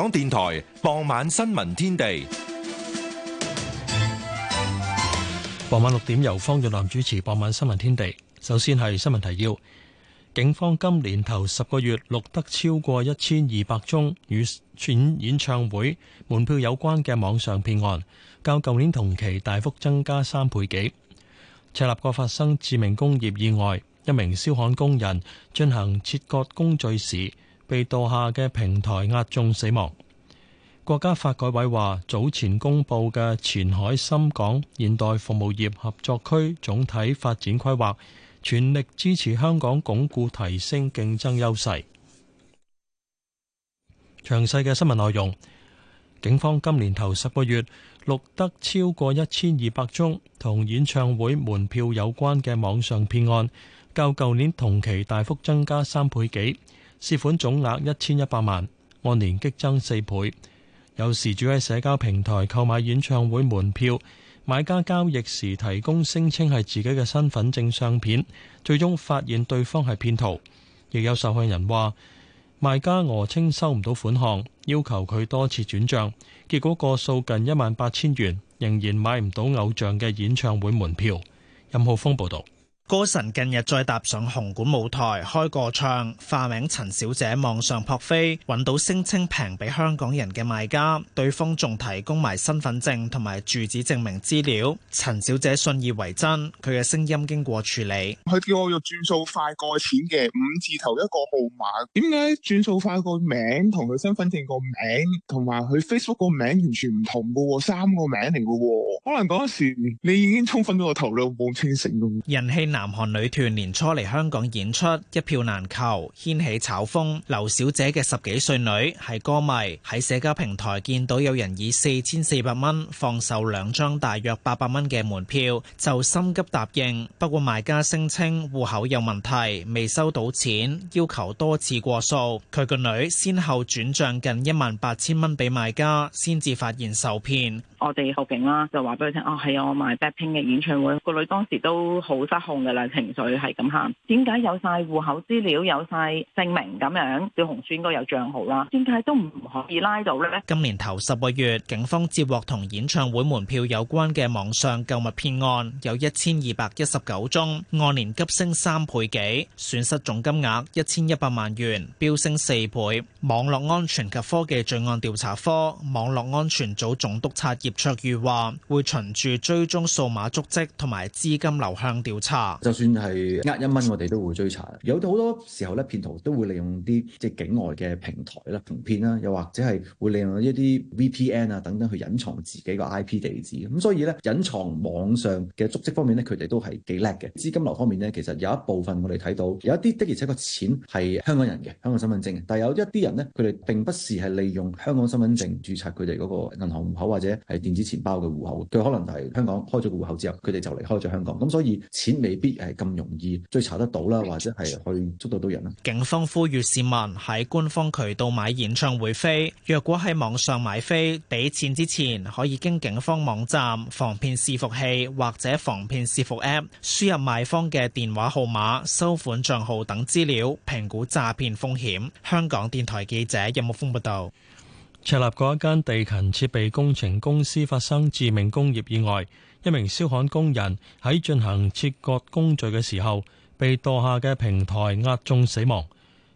香港電台傍晚新聞天地。傍晚六點由方玉南主持《傍晚新聞天地》。首先係新聞提要：警方今年頭十個月錄得超過一千二百宗與串演唱會門票有關嘅網上騙案，較舊年同期大幅增加三倍幾。赤鱲角發生致命工業意外，一名燒焊工人進行切割工序時，被倒下嘅平台壓中死亡。國家發改委話，早前公布嘅前海深港現代服務業合作區總體發展規劃，全力支持香港鞏固提升競爭優勢。詳細嘅新聞內容，警方今年頭十個月錄得超過一千二百宗同演唱會門票有關嘅網上騙案，較舊年同期大幅增加三倍幾。涉款總額一千一百萬，按年激增四倍。有事主喺社交平台購買演唱會門票，買家交易時提供聲稱係自己嘅身份證相片，最終發現對方係騙徒。亦有受害人話，賣家訛稱收唔到款項，要求佢多次轉賬，結果過數近一萬八千元，仍然買唔到偶像嘅演唱會門票。任浩峰報導。歌神近日再踏上紅館舞台開個唱，化名陳小姐網上撲飛揾到聲稱平俾香港人嘅賣家，對方仲提供埋身份證同埋住址證明資料。陳小姐信以為真，佢嘅聲音經過處理，佢叫我用轉數快過錢嘅五字頭一個號碼，點解轉數快個名同佢身份證個名同埋佢 Facebook 個名完全唔同嘅喎？三個名嚟嘅喎，可能嗰陣時你已經衝昏咗個頭腦冇清醒嘅。人氣難。南韓女團年初嚟香港演出，一票難求，掀起炒風。劉小姐嘅十幾歲女係歌迷，喺社交平台見到有人以四千四百蚊放售兩張大約八百蚊嘅門票，就心急答應。不過賣家聲稱戶口有問題，未收到錢，要求多次過數。佢個女先後轉賬近一萬八千蚊俾賣家，先至發現受騙。我哋報警啦，就話俾佢聽哦，係啊，我買 Blackpink 嘅演唱會。個女當時都好失控嘅情緒係咁喊，點解有晒戶口資料，有晒姓名咁樣，小紅書應該有賬號啦，點解都唔可以拉到咧？今年頭十個月，警方接獲同演唱會門票有關嘅網上購物騙案有一千二百一十九宗，按年急升三倍幾，損失總金額一千一百萬元，飆升四倍。網絡安全及科技罪案調查科網絡安全組總督察葉卓裕話會循住追蹤數碼足跡同埋資金流向調查。就算係呃一蚊，我哋都會追查。有好多時候咧，騙徒都會利用啲即係境外嘅平台啦，行騙啦，又或者係會利用一啲 VPN 啊等等去隱藏自己個 IP 地址。咁所以咧，隱藏網上嘅足跡方面咧，佢哋都係幾叻嘅。資金流方面咧，其實有一部分我哋睇到有一啲的，而且個錢係香港人嘅，香港身份證嘅。但係有一啲人咧，佢哋並不是係利用香港身份證註冊佢哋嗰個銀行戶口或者係電子錢包嘅戶口。佢可能係香港開咗個戶口之後，佢哋就離開咗香港。咁所以錢未必係咁容易追查得到啦，或者係去捉到到人啦。警方呼籲市民喺官方渠道買演唱會飛，若果喺網上買飛，俾錢之前可以經警方網站防騙伺服器或者防騙伺服 App 輸入賣方嘅電話號碼、收款帳號等資料，評估詐騙風險。香港電台記者任木峰報道。赤鱲角一間地勤設備工程公司發生致命工業意外。一名燒焊工人喺進行切割工序嘅時候，被墮下嘅平台壓中死亡。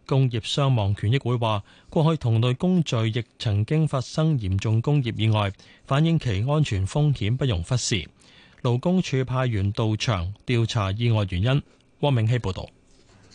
工業傷亡權益會話，過去同類工序亦曾經發生嚴重工業意外，反映其安全風險不容忽視。勞工處派員到場調查意外原因。汪明希報道。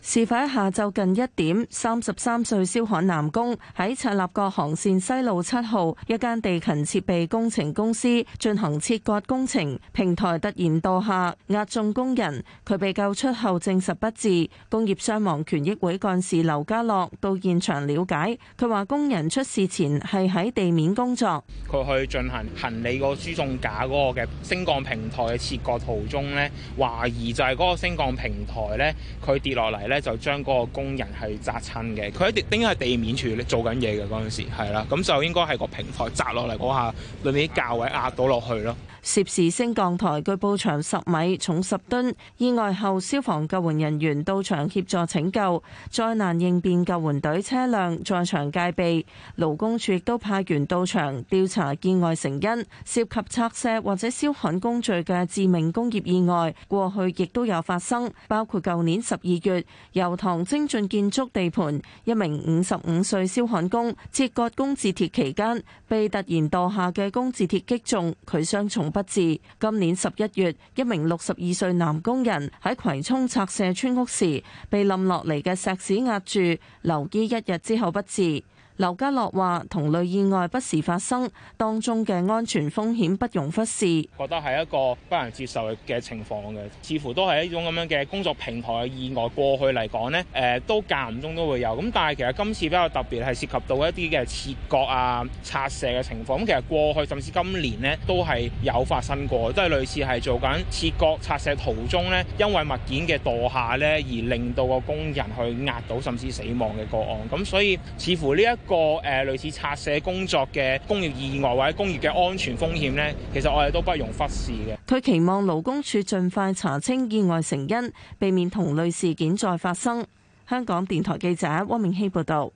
事發下晝近一點，三十三歲燒焊男工喺赤鱲角航線西路七號一間地勤設備工程公司進行切割工程，平台突然墮下壓中工人。佢被救出後證實不治。工業傷亡權益會幹事劉家樂到現場了解，佢話工人出事前係喺地面工作，佢去進行行李個輸送架嗰個嘅升降平台嘅切割途中咧，懷疑就係嗰個升降平台咧，佢跌落嚟。咧就將嗰個工人係砸親嘅，佢喺定應該喺地面處做緊嘢嘅嗰陣時，係啦，咁就應該係個平台砸落嚟嗰下，裡面啲架位壓到落去咯。涉事升降台據報長十米、重十噸。意外後，消防救援人員到場協助拯救，災難應變救援隊車輛在場戒備。勞工處亦都派員到場調查意外成因。涉及拆卸或者燒焊工序嘅致命工業意外，過去亦都有發生，包括舊年十二月。油塘精進建築地盤，一名五十五歲燒焊工切割工字鐵期間，被突然墮下嘅工字鐵擊中，佢傷重不治。今年十一月，一名六十二歲男工人喺葵涌拆卸村屋時，被冧落嚟嘅石屎壓住，留醫一日之後不治。劉家樂話：同類意外不時發生，當中嘅安全風險不容忽視。覺得係一個不能接受嘅情況嘅，似乎都係一種咁樣嘅工作平台嘅意外。過去嚟講呢，誒都間唔中都會有。咁但係其實今次比較特別係涉及到一啲嘅切割啊、拆卸嘅情況。咁其實過去甚至今年呢，都係有發生過，都係類似係做緊切割拆卸途中呢，因為物件嘅墮下呢，而令到個工人去壓到甚至死亡嘅個案。咁、嗯、所以似乎呢一個誒，類似拆卸工作嘅工業意外或者工業嘅安全風險呢，其實我哋都不容忽視嘅。佢期望勞工處盡快查清意外成因，避免同類事件再發生。香港電台記者汪明希報導。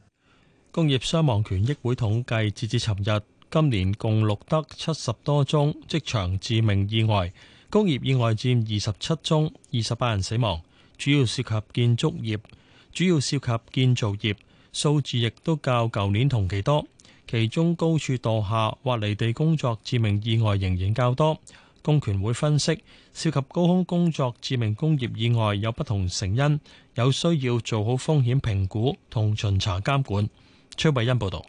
工業傷亡權益會統計，截至尋日，今年共錄得七十多宗職場致命意外，工業意外佔二十七宗，二十八人死亡，主要涉及建築業，主要涉及建造業。數字亦都較舊年同期多，其中高處墮下或離地工作致命意外仍然較多。工權會分析涉及高空工作致命工業意外有不同成因，有需要做好風險評估同巡查監管。崔慧欣報導。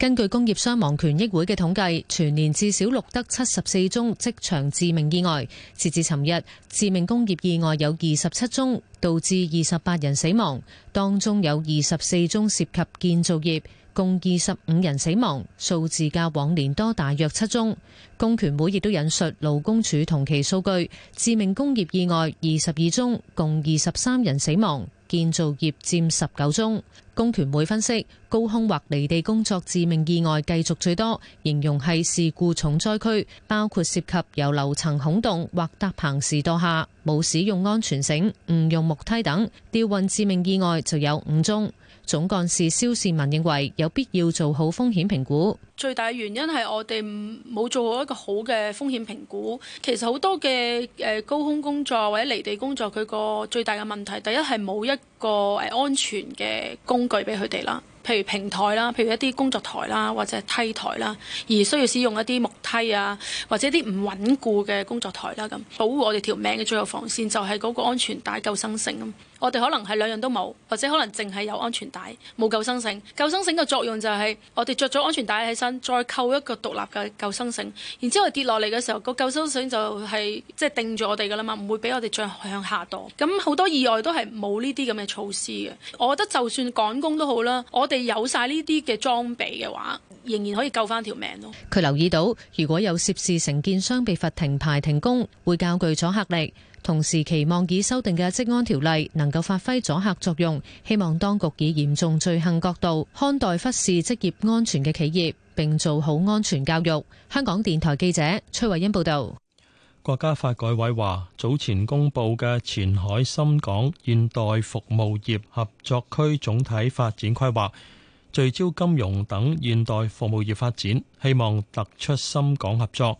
根據工業傷亡權益會嘅統計，全年至少錄得七十四宗職場致命意外。截至尋日，致命工業意外有二十七宗，導致二十八人死亡，當中有二十四宗涉及建造業，共二十五人死亡，數字較往年多大約七宗。工權會亦都引述勞工處同期數據，致命工業意外二十二宗，共二十三人死亡。建造業佔十九宗，工團會分析高空或離地工作致命意外繼續最多，形容係事故重災區，包括涉及由樓層孔洞或搭棚時墮下，冇使用安全繩、唔用木梯等吊運致命意外就有五宗。總幹事蕭善民認為有必要做好風險評估。最大原因係我哋冇做好一個好嘅風險評估。其實好多嘅，誒高空工作或者離地工作，佢個最大嘅問題，第一係冇一個誒安全嘅工具俾佢哋啦。譬如平台啦，譬如一啲工作台啦，或者梯台啦，而需要使用一啲木梯啊，或者啲唔穩固嘅工作台啦，咁保護我哋條命嘅最後防線就係嗰個安全帶救生繩咁。我哋可能係兩樣都冇，或者可能淨係有安全帶，冇救生繩。救生繩嘅作用就係我哋着咗安全帶起身，再扣一個獨立嘅救生繩，然之後跌落嚟嘅時候，個救生繩就係即係定住我哋噶啦嘛，唔會俾我哋再向下墮。咁好多意外都係冇呢啲咁嘅措施嘅。我覺得就算趕工都好啦，我哋有晒呢啲嘅裝備嘅話，仍然可以救翻條命咯。佢留意到，如果有涉事承建商被罰停牌停工，會較具阻嚇力。同時期望已修訂嘅職安條例能夠發揮阻嚇作用。希望當局以嚴重罪行角度看待忽視職業安全嘅企業，並做好安全教育。香港電台記者崔慧欣報道。國家發改委話，早前公布嘅前海深港現代服務業合作區總體發展規劃。聚焦金融等現代服務業發展，希望突出深港合作，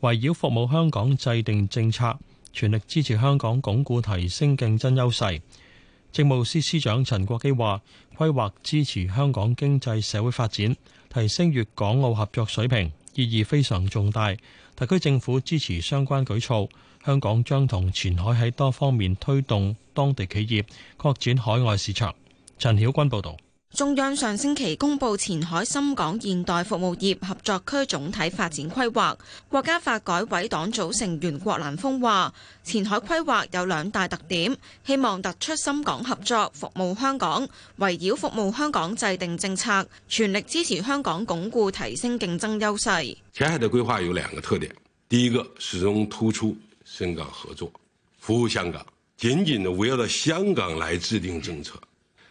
圍繞服務香港制定政策，全力支持香港鞏固提升競爭優勢。政務司司長陳國基話，規劃支持香港經濟社會發展，提升粵港澳合作水平，意義非常重大。特區政府支持相關舉措，香港將同前海喺多方面推動當地企業擴展海外市場，陳曉君報道。中央上星期公布前海深港現代服務業合作區總體發展規劃，國家發改委黨組成員郭蘭峰話，前海規劃有兩大特點，希望突出深港合作，服務香港，圍繞服務香港制定政策，全力支持香港鞏固提升競爭優勢。前海的規劃有兩個特點，第一個始終突出深港合作，服務香港，緊緊的圍繞到香港來制定政策。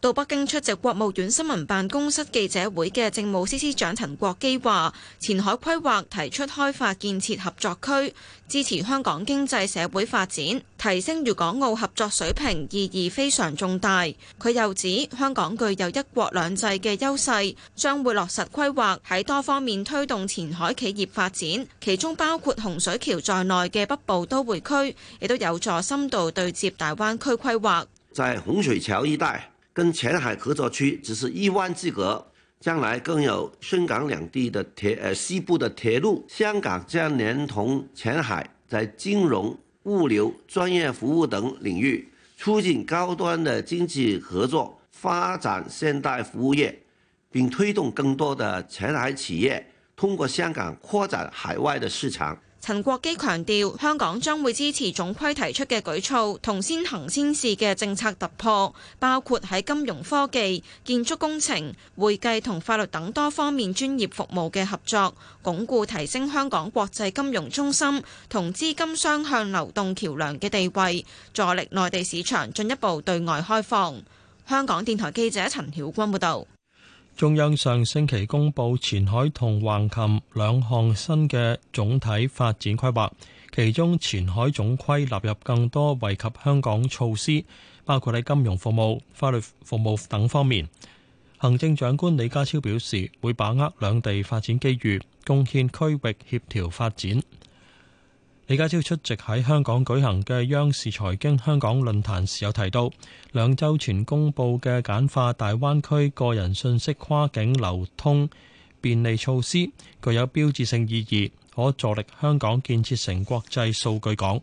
到北京出席國務院新聞辦公室記者會嘅政務司司長陳國基話，前海規劃提出開發建設合作區，支持香港經濟社會發展，提升粵港澳合作水平，意義非常重大。佢又指，香港具有一國兩制嘅優勢，將會落實規劃喺多方面推動前海企業發展，其中包括洪水橋在內嘅北部都會區，亦都有助深度對接大灣區規劃。就係洪水橋一帶。跟前海合作區只是一灣之隔，將來更有深港兩地的鐵，呃，西部的鐵路，香港將連同前海，在金融、物流、專業服務等領域，促進高端的經濟合作，發展現代服務業，並推動更多的前海企業通過香港擴展海外的市場。陳國基強調，香港將會支持總規提出嘅舉措同先行先試嘅政策突破，包括喺金融科技、建築工程、會計同法律等多方面專業服務嘅合作，鞏固提升香港國際金融中心同資金雙向流動橋樑嘅地位，助力內地市場進一步對外開放。香港電台記者陳曉君報道。中央上星期公布前海同橫琴兩項新嘅總體發展規劃，其中前海總規納入更多惠及香港措施，包括喺金融服務、法律服務等方面。行政長官李家超表示，會把握兩地發展機遇，貢獻區域協調發展。李家超出席喺香港舉行嘅央視財經香港論壇時，有提到，兩周前公布嘅簡化大灣區個人信息跨境流通便利措施，具有標誌性意義，可助力香港建設成國際數據港。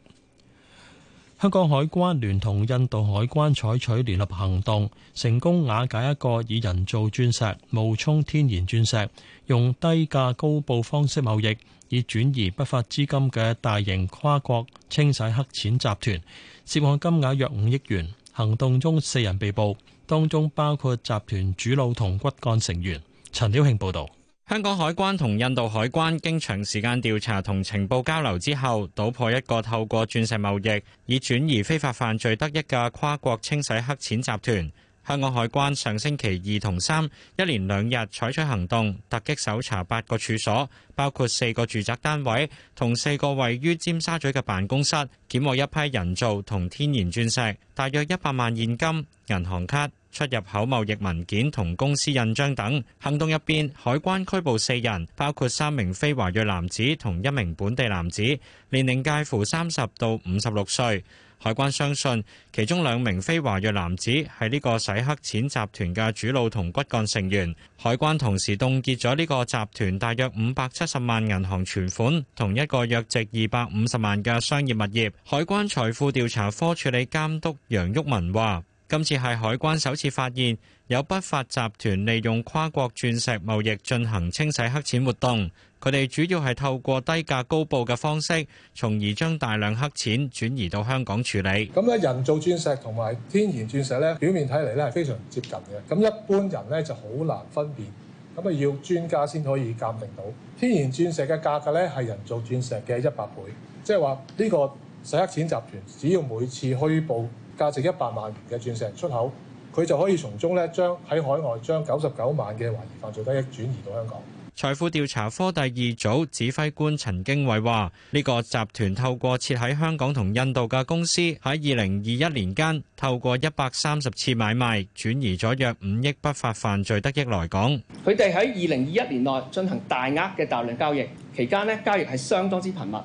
香港海關聯同印度海關採取聯合行動，成功瓦解一個以人造鑽石冒充天然鑽石，用低價高報方式貿易以轉移不法資金嘅大型跨國清洗黑錢集團，涉案金額約五億元。行動中四人被捕，當中包括集團主腦同骨幹成員。陳曉慶報道：香港海關同印度海關經長時間調查同情報交流之後，搗破一個透過鑽石貿易以轉移非法犯罪得益嘅跨國清洗黑錢集團。香港海關上星期二同三一連兩日採取行動，突擊搜查八個處所，包括四個住宅單位同四個位於尖沙咀嘅辦公室，檢獲一批人造同天然鑽石，大約一百萬現金、銀行卡、出入口貿易文件同公司印章等。行動入邊，海關拘捕四人，包括三名非華裔男子同一名本地男子，年齡介乎三十到五十六歲。海關相信其中兩名非華裔男子係呢個洗黑錢集團嘅主腦同骨幹成員。海關同時凍結咗呢個集團大約五百七十萬銀行存款，同一個約值二百五十萬嘅商業物業。海關財富調查科處理監督楊旭文話今次係海關首次發現有不法集團利用跨國鑽石貿易進行清洗黑錢活動。佢哋主要係透過低價高報嘅方式，從而將大量黑錢轉移到香港處理。咁咧，人造鑽石同埋天然鑽石咧，表面睇嚟咧係非常接近嘅，咁一般人咧就好難分辨，咁啊要專家先可以鑑定到天然鑽石嘅價格咧係人造鑽石嘅一百倍，即係話呢個洗黑錢集團只要每次虛報價值一百萬元嘅鑽石出口，佢就可以從中咧將喺海外將九十九萬嘅懷疑犯罪得益轉移到香港。財富調查科第二組指揮官陳經偉話：呢、這個集團透過設喺香港同印度嘅公司，喺二零二一年間透過一百三十次買賣，轉移咗約五億不法犯罪得益來港。佢哋喺二零二一年內進行大額嘅大量交易，期間咧交易係相當之頻密，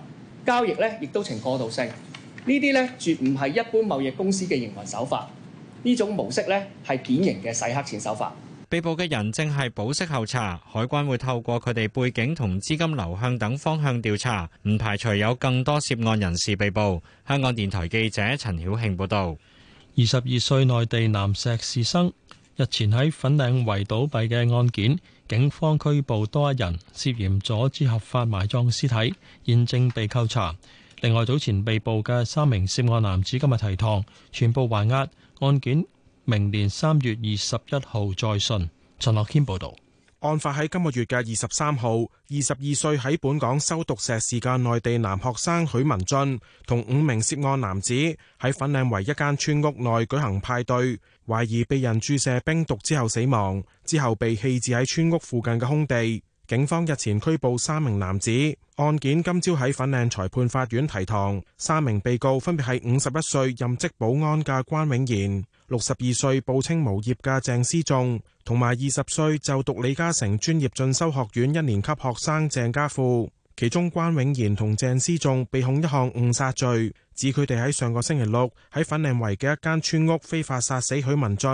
交易咧亦都呈過度性。呢啲咧絕唔係一般貿易公司嘅營運手法，呢種模式咧係典型嘅洗黑錢手法。被捕嘅人正係保釋候查，海關會透過佢哋背景同資金流向等方向調查，唔排除有更多涉案人士被捕。香港電台記者陳曉慶報道。二十二歲內地男碩士生日前喺粉嶺圍倒閉嘅案件，警方拘捕多一人涉嫌阻止合法埋葬屍體，現正被扣查。另外早前被捕嘅三名涉案男子今日提堂，全部還押。案件。明年三月二十一號再訊。陳樂謙報道，案發喺今個月嘅二十三號，二十二歲喺本港修讀碩士嘅內地男學生許文俊同五名涉案男子喺粉嶺圍一間村屋內舉行派對，懷疑被人注射冰毒之後死亡，之後被棄置喺村屋附近嘅空地。警方日前拘捕三名男子，案件今朝喺粉嶺裁判法院提堂，三名被告分別係五十一歲任職保安嘅關永賢。六十二歲報稱無業嘅鄭思仲，同埋二十歲就讀李嘉誠專業進修學院一年級學生鄭家富，其中關永賢同鄭思仲被控一項誤殺罪，指佢哋喺上個星期六喺粉嶺圍嘅一間村屋非法殺死許文俊，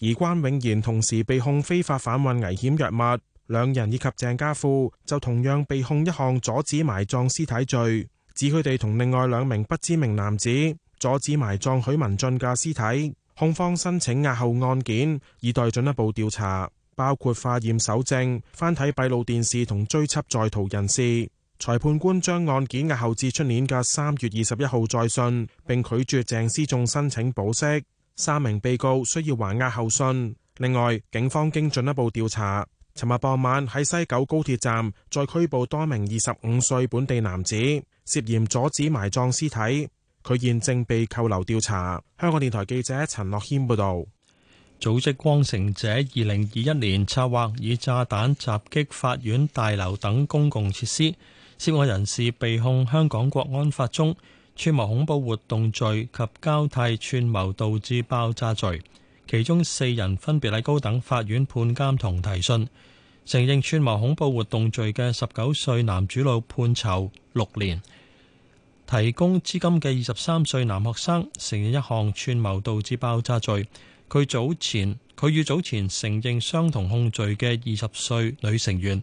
而關永賢同時被控非法販運危險藥物，兩人以及鄭家富就同樣被控一項阻止埋葬屍體罪，指佢哋同另外兩名不知名男子阻止埋葬許文俊嘅屍體。控方申請押後案件，以待進一步調查，包括化驗搜證、翻睇閉路電視同追緝在逃人士。裁判官將案件押後至出年嘅三月二十一號再訊，並拒絕鄭思仲申請保釋。三名被告需要還押后訊。另外，警方經進一步調查，尋日傍晚喺西九高鐵站再拘捕多名二十五歲本地男子，涉嫌阻止埋葬屍體。佢現正被扣留調查。香港電台記者陳樂謙報導。組織光城者二零二一年策劃以炸彈襲擊法院大樓等公共設施，涉案人士被控香港國安法中串謀恐怖活動罪及交替串謀導致爆炸罪，其中四人分別喺高等法院判監同提訊，承認串謀恐怖活動罪嘅十九歲男子盧判囚六年。提供資金嘅二十三歲男學生承認一項串謀導致爆炸罪。佢早前佢與早前承認相同控罪嘅二十歲女成員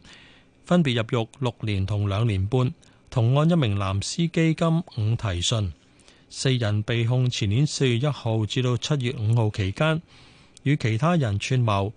分別入獄六年同兩年半。同案一名男司機今午提訊，四人被控前年四月一號至到七月五號期間與其他人串謀，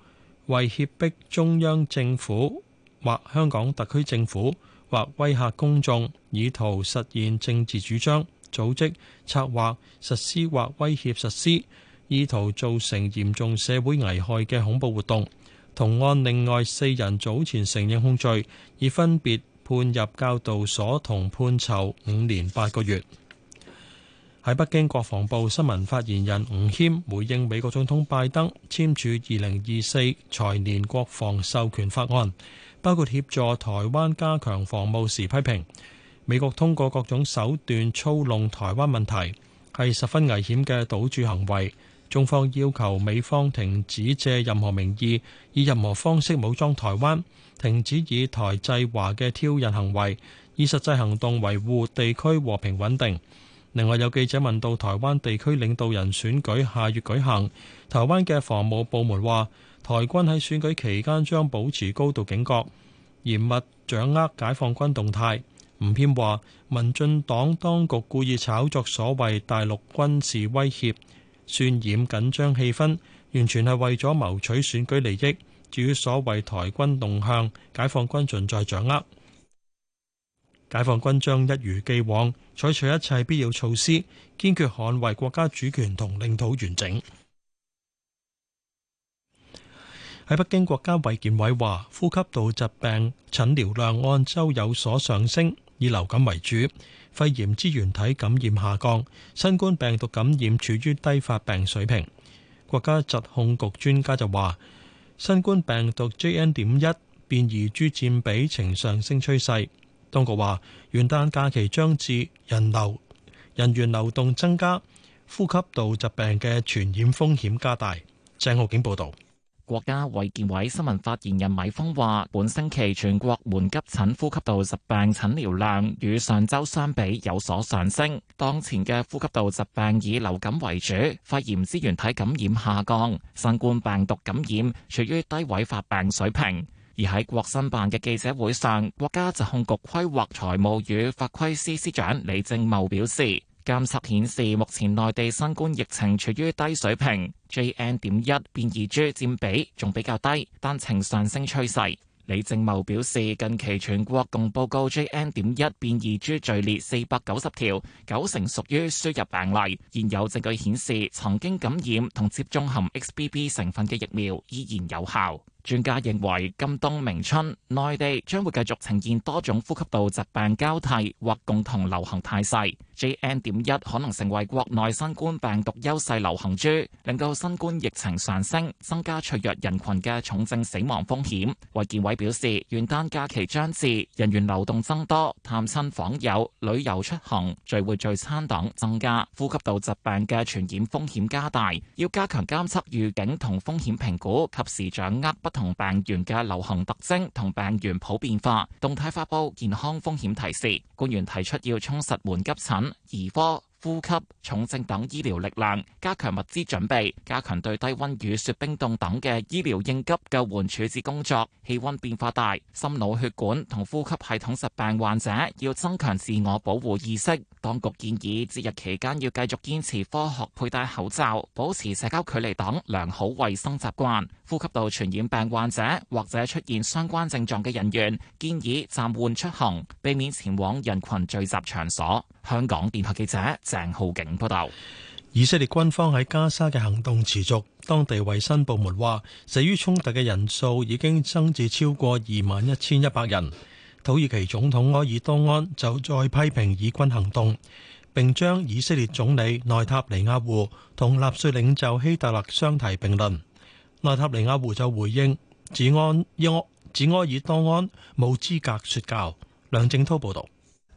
為脅迫中央政府或香港特區政府，或威嚇公眾，以圖實現政治主張；組織、策劃、實施或威脅實施，意圖造成嚴重社會危害嘅恐怖活動。同案另外四人早前承認控罪，已分別判入教導所同判囚五年八個月。喺北京，國防部新聞發言人吳謙回應美，美國總統拜登簽署二零二四財年國防授權法案。包括協助台灣加強防務時，批評美國通過各種手段操弄台灣問題，係十分危險嘅賭注行為。中方要求美方停止借任何名義以任何方式武裝台灣，停止以台制華嘅挑釁行為，以實際行動維護地區和平穩定。另外，有記者問到台灣地區領導人選舉下月舉行，台灣嘅防務部門話。台軍喺選舉期間將保持高度警覺，嚴密掌握解放軍動態。吳謙話：民進黨當局故意炒作所謂大陸軍事威脅，渲染緊張氣氛，完全係為咗謀取選舉利益。至於所謂台軍動向，解放軍盡在掌握。解放軍將一如既往採取一切必要措施，堅決捍衛國家主權同領土完整。喺北京，國家衞健委話呼吸道疾病診療量按周有所上升，以流感為主，肺炎支原體感染下降，新冠病毒感染處於低發病水平。國家疾控局專家就話，新冠病毒 JN 點一變異株佔比呈上升趨勢。當局話元旦假期將至，人流人員流動增加，呼吸道疾病嘅傳染風險加大。鄭浩景報導。國家衛健委新聞發言人米鋒話，本星期全國門急診呼吸道疾病診療量與上周相比有所上升。當前嘅呼吸道疾病以流感為主，肺炎支原體感染下降，新冠病毒感染處於低位發病水平。而喺國新辦嘅記者會上，國家疾控局規劃財務與法規司司長李正茂表示。監測顯示，目前內地新冠疫情處於低水平，JN. 點一變異株佔比仲比較低，但呈上升趨勢。李正茂表示，近期全國共報告 JN. 點一變異株序列四百九十條，九成屬於輸入病例。現有證據顯示，曾經感染同接種含 XBB 成分嘅疫苗依然有效。專家認為，今冬明春，內地將會繼續呈現多種呼吸道疾病交替或共同流行態勢。JN. 點一可能成為國內新冠病毒優勢流行株，令到新冠疫情上升，增加脆弱人群嘅重症死亡風險。衛健委表示，元旦假期將至，人員流動增多，探親訪友、旅遊出行、聚會聚餐等增加，呼吸道疾病嘅傳染風險加大，要加強監測預警同風險評估，及時掌握。不同病源嘅流行特徵同病源普遍化，動態發布健康風險提示。官員提出要充實門急診、兒科、呼吸、重症等醫療力量加強物資準備，加強對低溫、雨雪、冰凍等嘅醫療應急救援處置工作。氣溫變化大，心腦血管同呼吸系統疾病患者要增強自我保護意識，當局建議節日期間要繼續堅持科學佩戴口罩、保持社交距離等良好衛生習慣，呼吸道傳染病患者或者出現相關症狀嘅人員建議暫緩出行，避免前往人群聚集場所。香港電台記者鄭浩景報道：以色列軍方喺加沙嘅行動持續，當地衛生部門話死於衝突嘅人數已經增至超過二萬一千一百人。土耳其總統埃爾多安就再批評以軍行動，並將以色列總理內塔尼亞胡同納粹領袖希特勒相提並論。內塔尼亞胡就回應，指埃爾多安冇資格說教。梁正濤報道。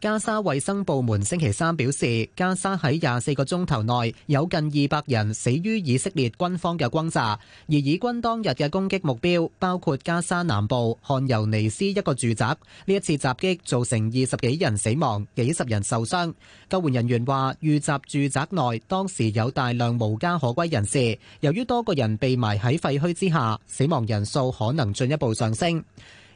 加沙衛生部門星期三表示，加沙喺廿四個鐘頭內有近二百人死於以色列軍方嘅轟炸，而以軍當日嘅攻擊目標包括加沙南部漢尤尼斯一個住宅。呢一次襲擊造成二十幾人死亡，幾十人受傷。救援人員話，遇襲住宅內當時有大量無家可歸人士，由於多個人被埋喺廢墟之下，死亡人數可能進一步上升。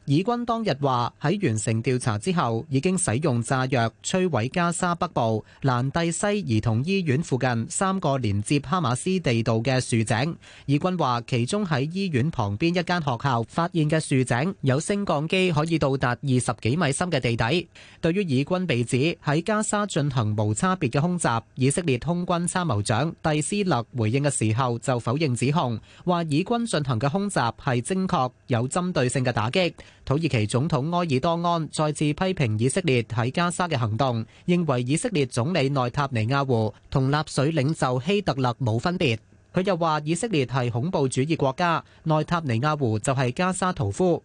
以軍當日話喺完成調查之後，已經使用炸藥摧毀加沙北部蘭蒂西兒童醫院附近三個連接哈馬斯地道嘅樹井。以軍話，其中喺醫院旁邊一間學校發現嘅樹井有升降機可以到達二十幾米深嘅地底。對於以軍被指喺加沙進行無差別嘅空襲，以色列空軍參謀長蒂斯勒回應嘅時候就否認指控，話以軍進行嘅空襲係精確、有針對性嘅打擊。土耳其總統埃爾多安再次批評以色列喺加沙嘅行動，認為以色列總理內塔尼亞胡同納粹領袖希特勒冇分別。佢又話以色列係恐怖主義國家，內塔尼亞胡就係加沙屠夫。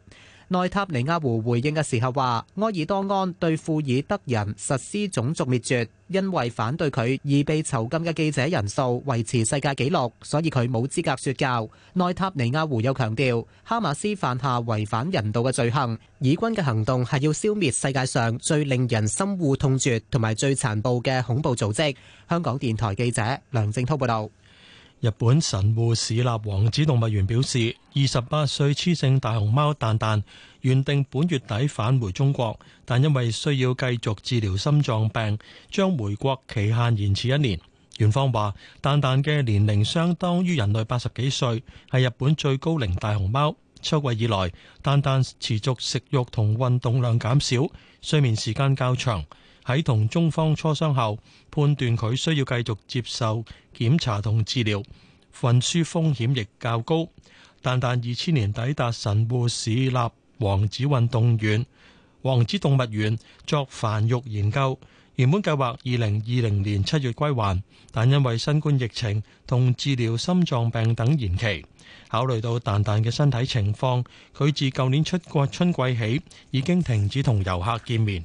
內塔尼亞胡回應嘅時候話，埃爾多安對庫爾德人實施種族滅絕，因為反對佢而被囚禁嘅記者人數維持世界紀錄，所以佢冇資格說教。內塔尼亞胡又強調，哈馬斯犯下違反人道嘅罪行，以軍嘅行動係要消滅世界上最令人深惡痛絕同埋最殘暴嘅恐怖組織。香港電台記者梁正濤報道。日本神戶市立王子動物園表示，二十八歲雌性大熊貓蛋蛋原定本月底返回中國，但因為需要繼續治療心臟病，將回國期限延遲一年。園方話，蛋蛋嘅年齡相當於人類八十幾歲，係日本最高齡大熊貓。秋季以來，蛋蛋持續食慾同運動量減少，睡眠時間較長。喺同中方磋商後，判斷佢需要繼續接受檢查同治療，運輸風險亦較高。蛋蛋二千年抵達神戶市立王子運動園、王子動物園作繁育研究，原本計劃二零二零年七月歸還，但因為新冠疫情同治療心臟病等延期。考慮到蛋蛋嘅身體情況，佢自舊年出國春季起已經停止同遊客見面。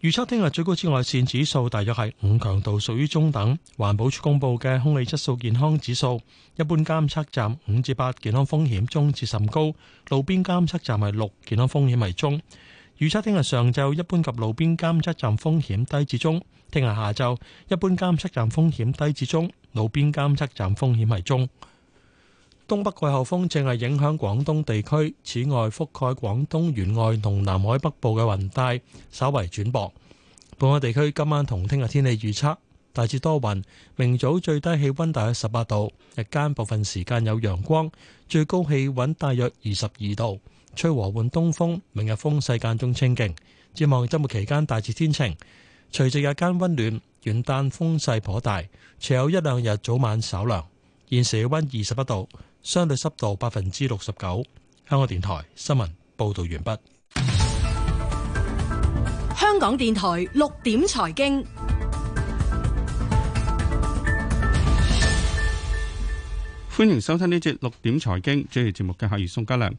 預測聽日最高紫外線指數大約係五強度，屬於中等。環保署公布嘅空氣質素健康指數，一般監測站五至八，健康風險中至甚高；路邊監測站係六，健康風險係中。預測聽日上晝一般及路邊監測站風險低至中，聽日下晝一般監測站風險低至中，路邊監測站風險係中。東北季候風正係影響廣東地區，此外覆蓋廣東沿岸同南海北部嘅雲帶稍為轉薄。本港地區今晚同聽日天氣預測，大致多雲，明早最低氣溫大約十八度，日間部分時間有陽光，最高氣溫大約二十二度，吹和緩東風。明日風勢間中清勁，展望週末期間大致天晴，隨着日間溫暖，元旦風勢頗大，除有一兩日早晚稍涼，現時溫二十一度。相對濕度百分之六十九。香港電台新聞報道完畢。香港電台六點財經，財經歡迎收聽呢節六點財經主持節目嘅係余宋家良。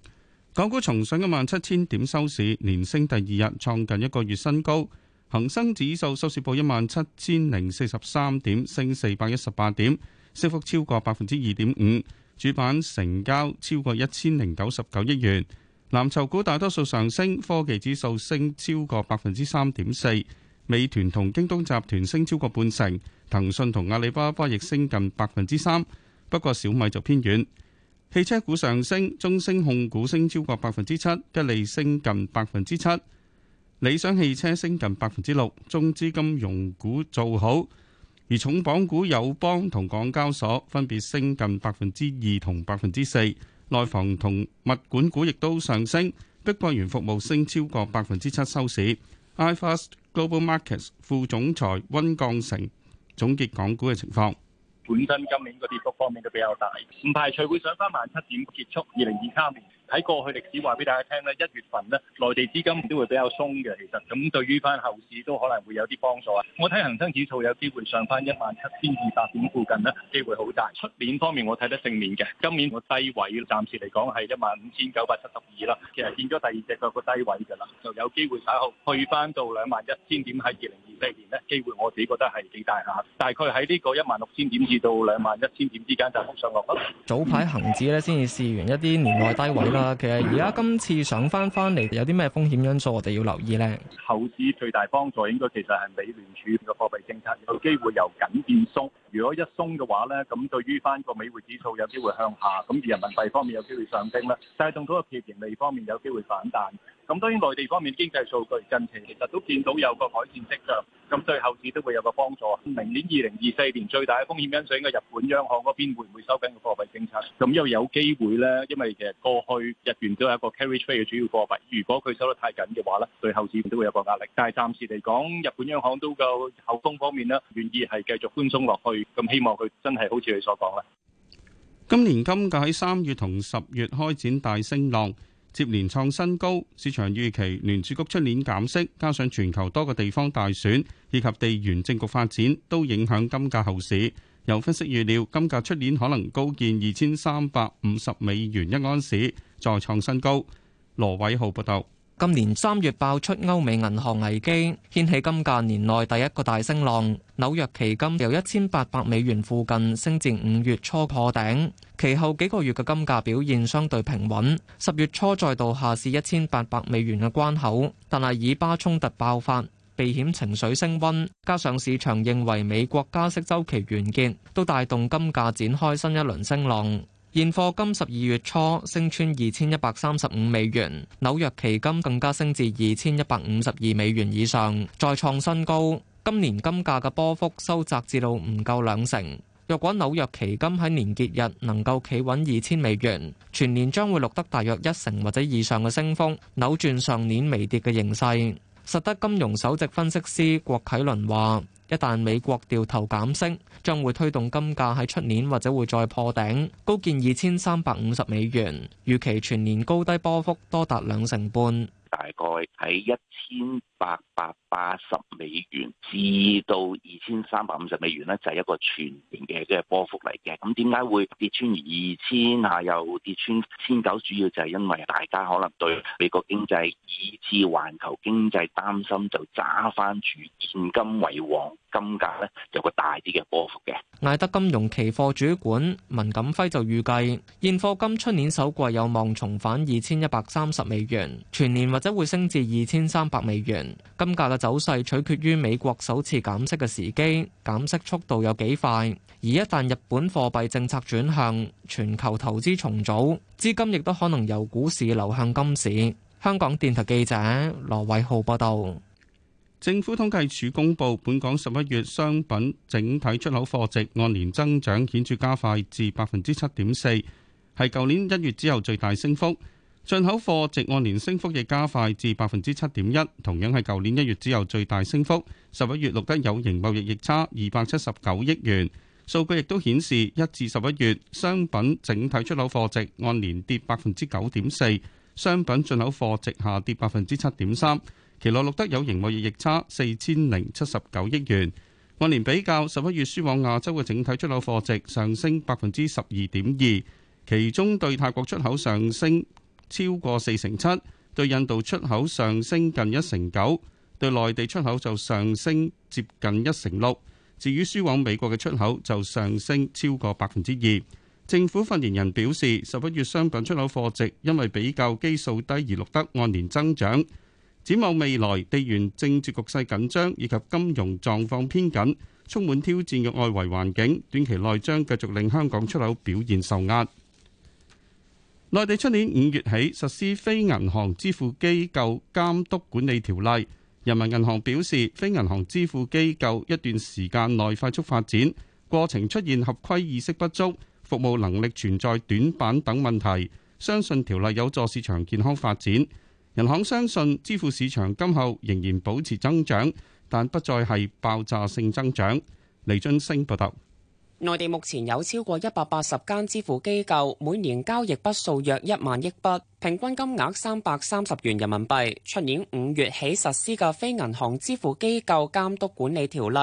港股重上一萬七千點收市，連升第二日，創近一個月新高。恒生指數收市報一萬七千零四十三點，升四百一十八點，升幅超過百分之二點五。主板成交超過一千零九十九億元，藍籌股大多數上升，科技指數升超過百分之三點四，美團同京東集團升超過半成，騰訊同阿里巴巴亦升近百分之三，不過小米就偏軟。汽車股上升，中升控股升超過百分之七，吉利升近百分之七，理想汽車升近百分之六，中資金融股做好。而重磅股友邦同港交所分別升近百分之二同百分之四，內房同物管股亦都上升，碧桂園服務升超過百分之七收市。iFAST Global Markets 副總裁温鋼成總結港股嘅情況，本身今年個跌幅方面都比較大，唔排除會上返萬七點結束二零二三年。喺過去歷史話俾大家聽咧，一月份咧內地資金都會比較鬆嘅，其實咁對於翻後市都可能會有啲幫助啊！我睇恒生指數有機會上翻一萬七千二百點附近咧，機會好大。出年方面，我睇得正面嘅，今年個低位暫時嚟講係一萬五千九百七十二啦，其實見咗第二隻腳個低位㗎啦，就有機會稍後去翻到兩萬一千點喺二零二四年呢，機會我自己覺得係幾大嚇。大概喺呢個一萬六千點至到兩萬一千點之間就幅上落啦。早排恒指咧先至試完一啲年內低位啦。啊，其實而家今次上翻翻嚟，有啲咩風險因素我哋要留意咧？後市最大幫助應該其實係美聯儲嘅貨幣政策有機會由緊變鬆。如果一鬆嘅話咧，咁對於翻個美匯指數有機會向下，咁而人民幣方面有機會上升啦，帶動到個企業盈利方面有機會反彈。咁當然內地方面經濟數據近期其實都見到有個改善跡象，咁對後市都會有個幫助。明年二零二四年最大嘅風險因素應該係日本央行嗰邊會唔會收緊個貨幣政策？咁又有機會咧，因為其實過去日元都係一個 carry trade 嘅主要貨幣，如果佢收得太緊嘅話咧，對後市都會有個壓力。但係暫時嚟講，日本央行都夠口風方面咧，願意係繼續寬鬆落去。咁希望佢真係好似佢所講咧。今年金價喺三月同十月開展大升浪，接連創新高。市場預期聯儲局出年減息，加上全球多個地方大選以及地緣政局發展，都影響金價後市。有分析預料，金價出年可能高見二千三百五十美元一安士，再創新高。羅偉浩報道。今年三月爆出歐美銀行危機，掀起金價年內第一個大升浪。紐約期金由一千八百美元附近升至五月初破頂，其後幾個月嘅金價表現相對平穩，十月初再度下試一千八百美元嘅關口，但係以巴衝突爆發，避險情緒升温，加上市場認為美國加息周期完結，都帶動金價展開新一輪升浪。現貨金十二月初升穿二千一百三十五美元，紐約期金更加升至二千一百五十二美元以上，再創新高。今年金價嘅波幅收窄至到唔夠兩成。若果紐約期金喺年結日能夠企穩二千美元，全年將會錄得大約一成或者以上嘅升幅，扭轉上年微跌嘅形勢。實德金融首席分析師郭啟麟話。一旦美國掉頭減息，將會推動金價喺出年或者會再破頂，高見二千三百五十美元。預期全年高低波幅多達兩成半，大概喺一千八百八十美元至到二千三百五十美元呢，就係、是、一個全年嘅嘅波幅嚟嘅。咁點解會跌穿二千啊？又跌穿千九，主要就係因為大家可能對美國經濟以至環球經濟擔心，就揸翻住現金為王，金價呢，就個大啲嘅波幅嘅。艾德金融期貨主管文錦輝就預計現貨金出年首季有望重返二千一百三十美元，全年或者會升至二千三百美元。金價嘅走勢取決於美國首次減息嘅時機，減息速度有幾快。而一旦日本貨幣政策轉向，全球投資重組，資金亦都可能由股市流向金市。香港電台記者羅偉浩報道。政府統計處公佈，本港十一月商品整體出口貨值按年增長顯著加快至百分之七點四，係舊年一月之後最大升幅。進口貨值按年升幅亦加快至百分之七點一，同樣係舊年一月之後最大升幅。十一月錄得有形貿易逆差二百七十九億元。數據亦都顯示，一至十一月商品整體出口貨值按年跌百分之九點四，商品進口貨值下跌百分之七點三，期內錄得有形貿易逆差四千零七十九億元。按年比較，十一月輸往亞洲嘅整體出口貨值上升百分之十二點二，其中對泰國出口上升超過四成七，對印度出口上升近一成九，對內地出口就上升接近一成六。至於輸往美國嘅出口就上升超過百分之二。政府發言人表示，十一月商品出口貨值因為比較基數低而錄得按年增長。展望未來，地緣政治局勢緊張以及金融狀況偏緊，充滿挑戰嘅外圍環境，短期內將繼續令香港出口表現受壓。內地出年五月起實施《非銀行支付機構監督管理條例》，人民銀行表示，非銀行支付機構一段時間內快速發展過程出現合規意識不足、服務能力存在短板等問題，相信條例有助市場健康發展。人行相信支付市場今後仍然保持增長，但不再係爆炸性增長。李津升報道。內地目前有超過一百八十間支付機構，每年交易筆數約一萬億筆，平均金額三百三十元人民幣。出年五月起實施嘅《非銀行支付機構監督管理條例》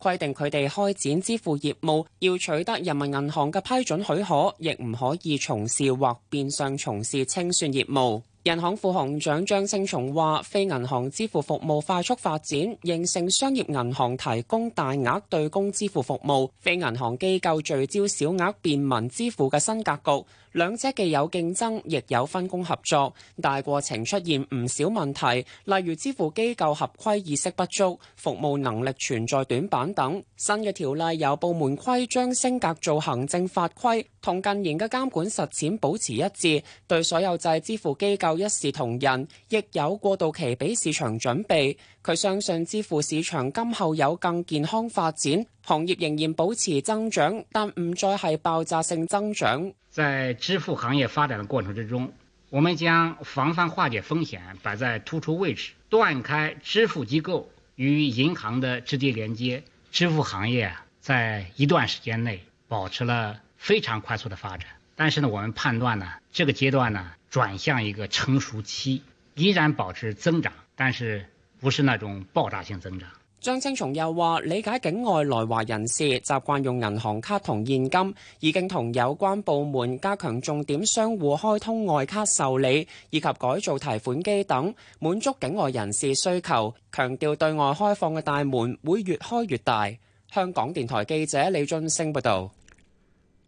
規定，佢哋開展支付業務要取得人民銀行嘅批准許可，亦唔可以從事或變相從事清算業務。人行副行長張青松話，非銀行支付服務快速發展，形成商業銀行提供大額對公支付服務、非銀行機構聚焦小額便民支付嘅新格局。兩者既有競爭，亦有分工合作。大過程出現唔少問題，例如支付機構合規意識不足、服務能力存在短板等。新嘅條例由部門規章升格做行政法規，同近年嘅監管實踐保持一致，對所有制支付機構一視同仁，亦有過渡期俾市場準備。佢相信支付市場今後有更健康發展，行業仍然保持增長，但唔再係爆炸性增長。在支付行業發展的過程之中，我們將防範化解風險擺在突出位置，斷開支付機構與銀行的直接連接。支付行業在一段時間內保持了非常快速的發展，但是呢，我們判斷呢，這個階段呢轉向一個成熟期，依然保持增長。但是。不是那種爆炸性增長。張青松又話：理解境外來華人士習慣用銀行卡同現金，已經同有關部門加強重點商戶開通外卡受理以及改造提款機等，滿足境外人士需求。強調對外開放嘅大門會越開越大。香港電台記者李俊升報道。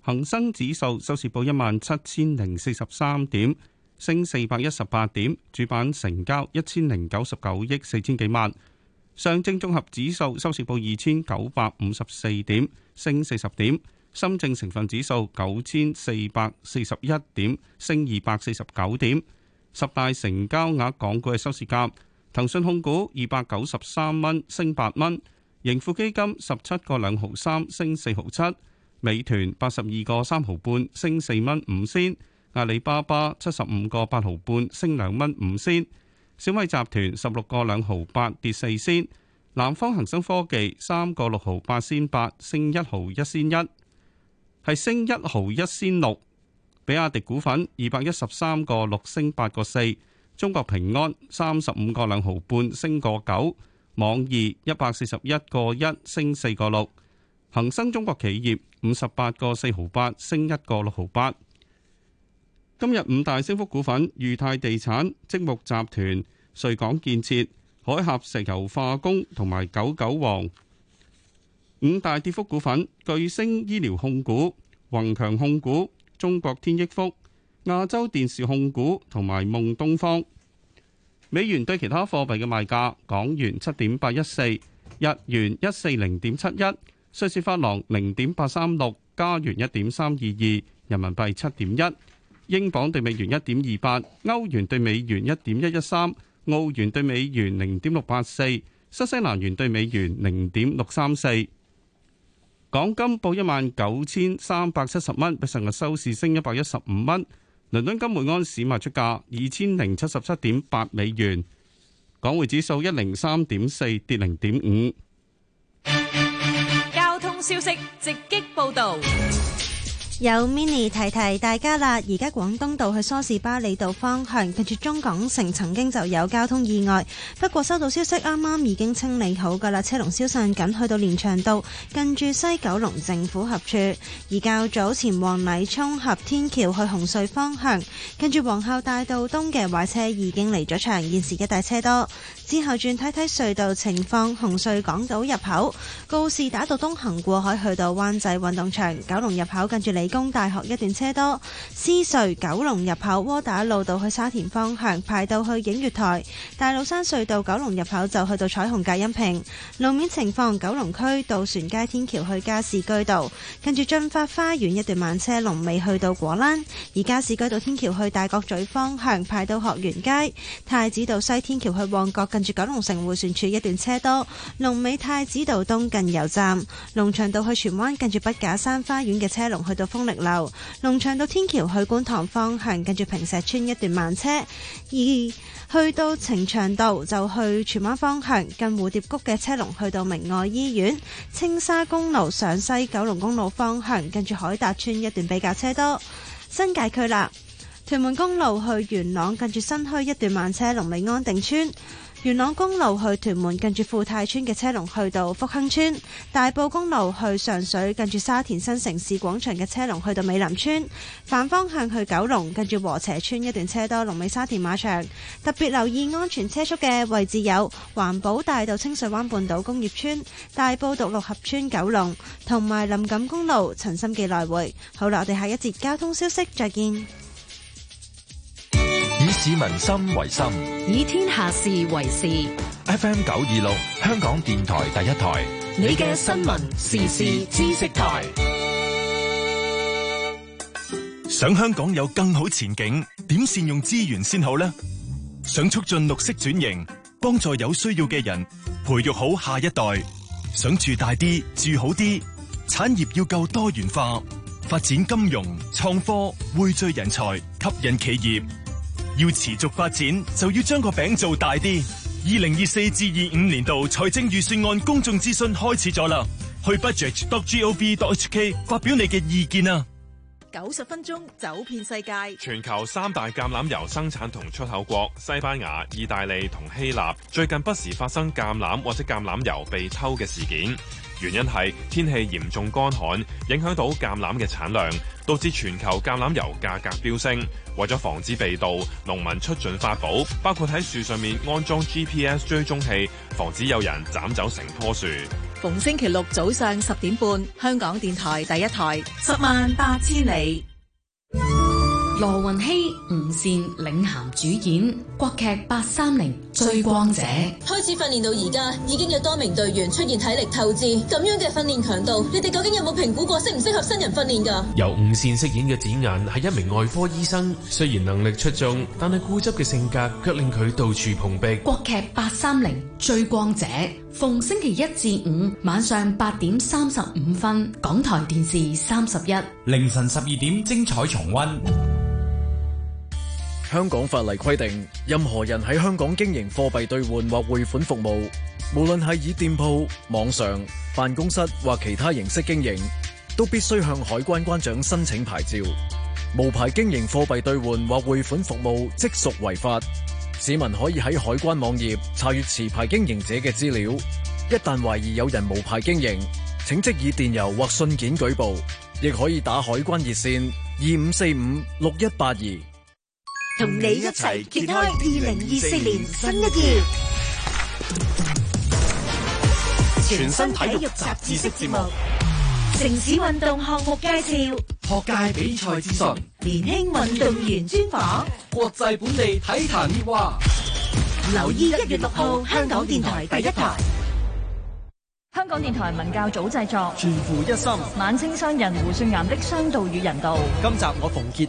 恒生指數收市報一萬七千零四十三點。升四百一十八點，主板成交一千零九十九億四千幾萬。上證綜合指數收市報二千九百五十四點，升四十點。深證成分指數九千四百四十一點，升二百四十九點。十大成交額港股嘅收市價：騰訊控股二百九十三蚊，升八蚊；盈富基金十七個兩毫三，升四毫七；美團八十二個三毫半，升四蚊五仙。阿里巴巴七十五個八毫半，升兩蚊五仙；小米集團十六個兩毫八，跌四仙；南方恒生科技三個六毫八仙八，升一毫一仙一，係升一毫一仙六。比亞迪股份二百一十三個六，升八個四；中國平安三十五個兩毫半，升個九；網易一百四十一個一，升四個六；恒生中國企業五十八個四毫八，升一個六毫八。今日五大升幅股份：裕泰地產、積木集團、瑞港建設、海峽石油化工同埋九九王。五大跌幅股份：巨星醫療控股、宏強控股、中國天益福、亞洲電視控股同埋夢東方。美元對其他貨幣嘅賣價：港元七點八一四，日元一四零點七一，瑞士法郎零點八三六，加元一點三二二，人民幣七點一。英鎊兌美元一點二八，歐元兌美元一點一一三，澳元兌美元零點六八四，新西蘭元兌美元零點六三四。港金報一萬九千三百七十蚊，比上日收市升一百一十五蚊。倫敦金每安士賣出價二千零七十七點八美元。港匯指數一零三點四，跌零點五。交通消息直擊報道。有 mini 提提大家啦，而家廣東道去梳士巴利道方向，跟住中港城曾經就有交通意外，不過收到消息啱啱已經清理好㗎喇，車龍消散緊，去到連翔道，近住西九龍政府合署。而較早前往禮涌合天橋去紅隧方向，跟住皇后大道東嘅壞車已經離咗場，現時一帶車多。之後轉睇睇，隧道情況，紅隧港島入口，告士打道東行過海去到灣仔運動場，九龍入口跟住嚟，理工大學一段車多，獅隧九龍入口窩打老道去沙田方向排到去映月台，大老山隧道九龍入口就去到彩虹隔音屏路面情況，九龍區渡船街天橋去加士居道，近住駿發花園一段慢車龍尾去到果欄，而加士居道天橋去大角咀方向排到學園街太子道西天橋去旺角，近住九龍城護船處一段車多，龍尾太子道東近油站，龍翔道去荃灣近住筆架山花園嘅車龍去到。康力樓、龍翔道天橋去觀塘方向，近住坪石村一段慢車；二去到呈祥道就去荃灣方向，近蝴蝶谷嘅車龍去到明愛醫院；青沙公路上西九龍公路方向，近住海達村一段比較車多；新界區啦，屯門公路去元朗，近住新墟一段慢車，龍尾安定村。元朗公路去屯門，近住富泰村嘅車龍去到福亨村；大埔公路去上水，近住沙田新城市廣場嘅車龍去到美林村。反方向去九龍，近住禾輋邨一段車多，龍尾沙田馬場。特別留意安全車速嘅位置有環保大道清水灣半島工業村、大埔獨六合村九龍，同埋林錦公路陳心記來回。好啦，我哋下一節交通消息再見。以民心為心，以天下事為事。FM 九二六，香港電台第一台，你嘅新聞時事知識台。想香港有更好前景，點善用資源先好呢？想促進綠色轉型，幫助有需要嘅人，培育好下一代。想住大啲，住好啲，產業要夠多元化，發展金融、創科，匯聚人才，吸引企業。要持續發展，就要將個餅做大啲。二零二四至二五年度財政預算案公眾諮詢開始咗啦，去 budget.gov.hk 發表你嘅意見啊！九十分鐘走遍世界，全球三大橄欖油生產同出口國西班牙、意大利同希臘，最近不時發生橄欖或者橄欖油被偷嘅事件。原因係天氣嚴重乾旱，影響到橄欖嘅產量，導致全球橄欖油價格飆升。為咗防止被盜，農民出盡法寶，包括喺樹上面安裝 GPS 追蹤器，防止有人斬走成棵樹。逢星期六早上十點半，香港電台第一台，十萬八千里。羅雲熙、吳倩領銜主演國劇《八三零追光者》。開始訓練到而家，已經有多名隊員出現體力透支，咁樣嘅訓練強度，你哋究竟有冇評估過適唔適合新人訓練噶？由吳倩飾演嘅展顏係一名外科醫生，雖然能力出眾，但係固執嘅性格卻令佢到處碰壁。國劇《八三零追光者》逢星期一至五晚上八點三十五分，港台電視三十一凌晨十二點精彩重温。香港法例規定，任何人喺香港經營貨幣兌換或匯款服務無論係以店鋪、網上、辦公室或其他形式經營，都必須向海關關長申請牌照。無牌經營貨幣兌換或匯款服務即屬違法。市民可以喺海關網頁查閱持牌經營者嘅資料。一旦懷疑有人無牌經營，請即以電郵或信件舉報，亦可以打海關熱線二五四五六一八二。同你一齊揭開二零二四年新一頁。全新體育雜誌式節目，城市運動項目介紹，學界比賽資訊，年輕運動員專訪，國際本地體壇熱話。留意一月六號香港電台第一台。香港電台文教組製作，全乎一心。晚清商人胡雪岩的商道與人道。今集我馮傑。